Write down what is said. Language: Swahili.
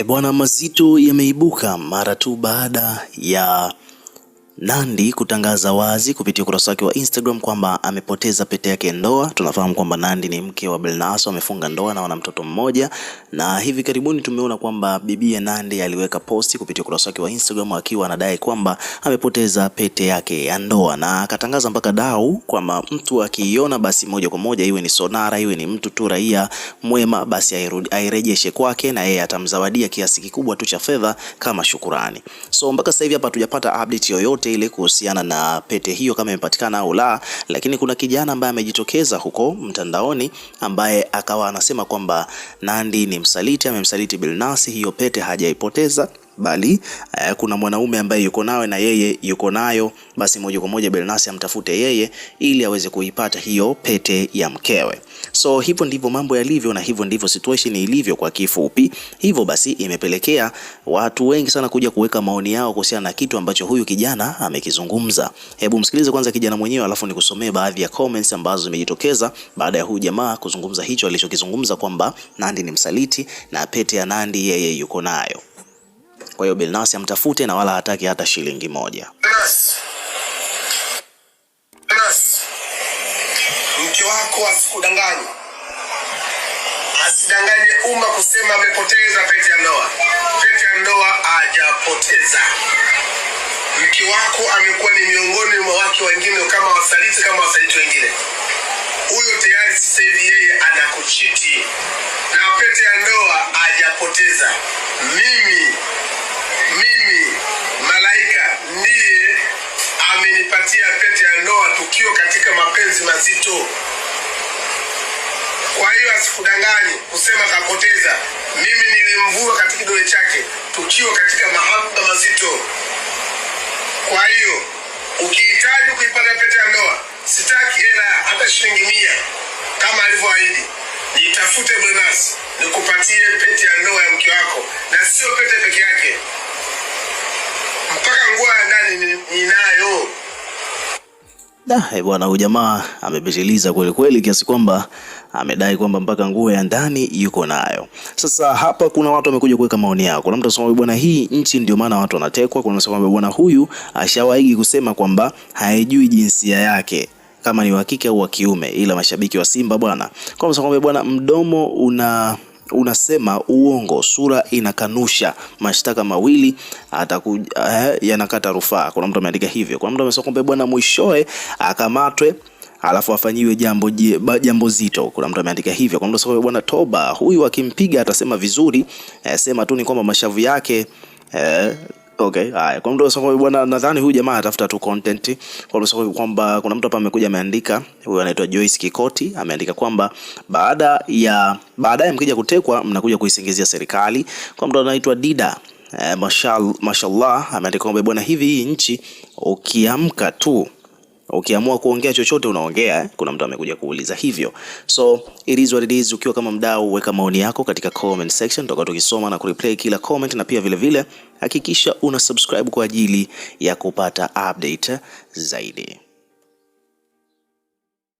E bwana, mazito yameibuka mara tu baada ya Nandy kutangaza wazi kupitia ukurasa wake wa Instagram kwamba amepoteza pete yake ndoa. Tunafahamu kwamba Nandy ni mke wa Belnaso, amefunga ndoa na wana mtoto mmoja, na hivi karibuni tumeona kwamba bibia Nandy aliweka posti kupitia ukurasa wake wa Instagram akiwa anadai kwamba amepoteza pete yake ya ndoa, na akatangaza mpaka dau kwamba mtu akiiona basi moja kwa moja, iwe ni sonara, iwe ni mtu tu raia mwema, basi airejeshe kwake na yeye atamzawadia kiasi kikubwa tu cha fedha kama shukurani. So mpaka sasa hivi hapa hatujapata update yoyote yoyote ile kuhusiana na pete hiyo kama imepatikana au la, lakini kuna kijana ambaye amejitokeza huko mtandaoni ambaye akawa anasema kwamba Nandy ni msaliti, amemsaliti Bilnass, hiyo pete hajaipoteza bali eh, kuna mwanaume ambaye yuko nawe na yeye yuko nayo, basi moja kwa moja Belnasi amtafute yeye ili aweze kuipata hiyo pete ya mkewe. So hivyo ndivyo mambo yalivyo, na hivyo ndivyo situation ilivyo kwa kifupi. Hivyo basi imepelekea watu wengi sana kuja kuweka maoni yao kuhusiana na kitu ambacho huyu kijana amekizungumza. Hebu msikilize kwanza kijana mwenyewe, alafu nikusomee baadhi ya comments ambazo zimejitokeza baada ya huyu jamaa kuzungumza hicho alichokizungumza kwamba Nandi ni msaliti na pete ya Nandi yeye yuko nayo. Kwa hiyo Belnas amtafute na wala hataki hata shilingi moja. Mke wako asikudanganye, asidanganye umma kusema amepoteza pete ya ndoa. Pete ya ndoa hajapoteza. Mke wako amekuwa ni miongoni mwa wake wengine kama wasaliti, kama wasaliti wengine. Huyo tayari sasa hivi yeye anakuchiti na pete ya ndoa hajapoteza. Mimi mtu. Kwa hiyo asikudanganye kusema kapoteza. Mimi nilimvua katika kidole chake tukiwa katika mahaba mazito. Kwa hiyo ukihitaji kuipata pete ya ndoa, sitaki hela hata shilingi mia kama alivyoahidi. Nitafute Bonasi nikupatie pete ya ndoa ya mke wako, na sio pete peke yake. Eh, bwana huyu jamaa amepitiliza kweli kweli, kiasi kwamba amedai kwamba mpaka nguo ya ndani yuko nayo. Sasa hapa kuna watu wamekuja kuweka maoni yao. Kuna mtu anasema bwana, hii nchi ndio maana watu wanatekwa. Kuna mtu anasema bwana, huyu ashawahi kusema kwamba haijui jinsia yake kama ni wa kike au wa kiume, ila mashabiki wa Simba bwana, kwa msongo bwana, mdomo una unasema uongo, sura inakanusha mashtaka mawili ataku, eh, yanakata rufaa. Kuna mtu ameandika hivyo, kuna mtu amesema kwamba bwana mwishoe akamatwe alafu afanyiwe jambo, jambo zito. Kuna mtu ameandika hivyo, kuna mtu amesema bwana toba, huyu akimpiga atasema vizuri eh, sema tu ni kwamba mashavu yake eh, Okay, haya. Kwa mtu sasa bwana nadhani huyu jamaa atafuta tu content. Kwa mtu kwamba kuna mtu hapa amekuja ameandika, huyu anaitwa Joyce Kikoti, ameandika kwamba baada ya baadaye mkija kutekwa mnakuja kuisingizia serikali. Kwa mtu anaitwa Dida Eh, mashallah, mashallah ameandika kwamba bwana, hivi hii nchi ukiamka tu Ukiamua kuongea chochote unaongea eh? Kuna mtu amekuja kuuliza hivyo, so it is what it is. Ukiwa kama mdau, weka maoni yako katika comment section, tutakuwa tukisoma na kureplay kila comment, na pia vile vile hakikisha una subscribe kwa ajili ya kupata update zaidi.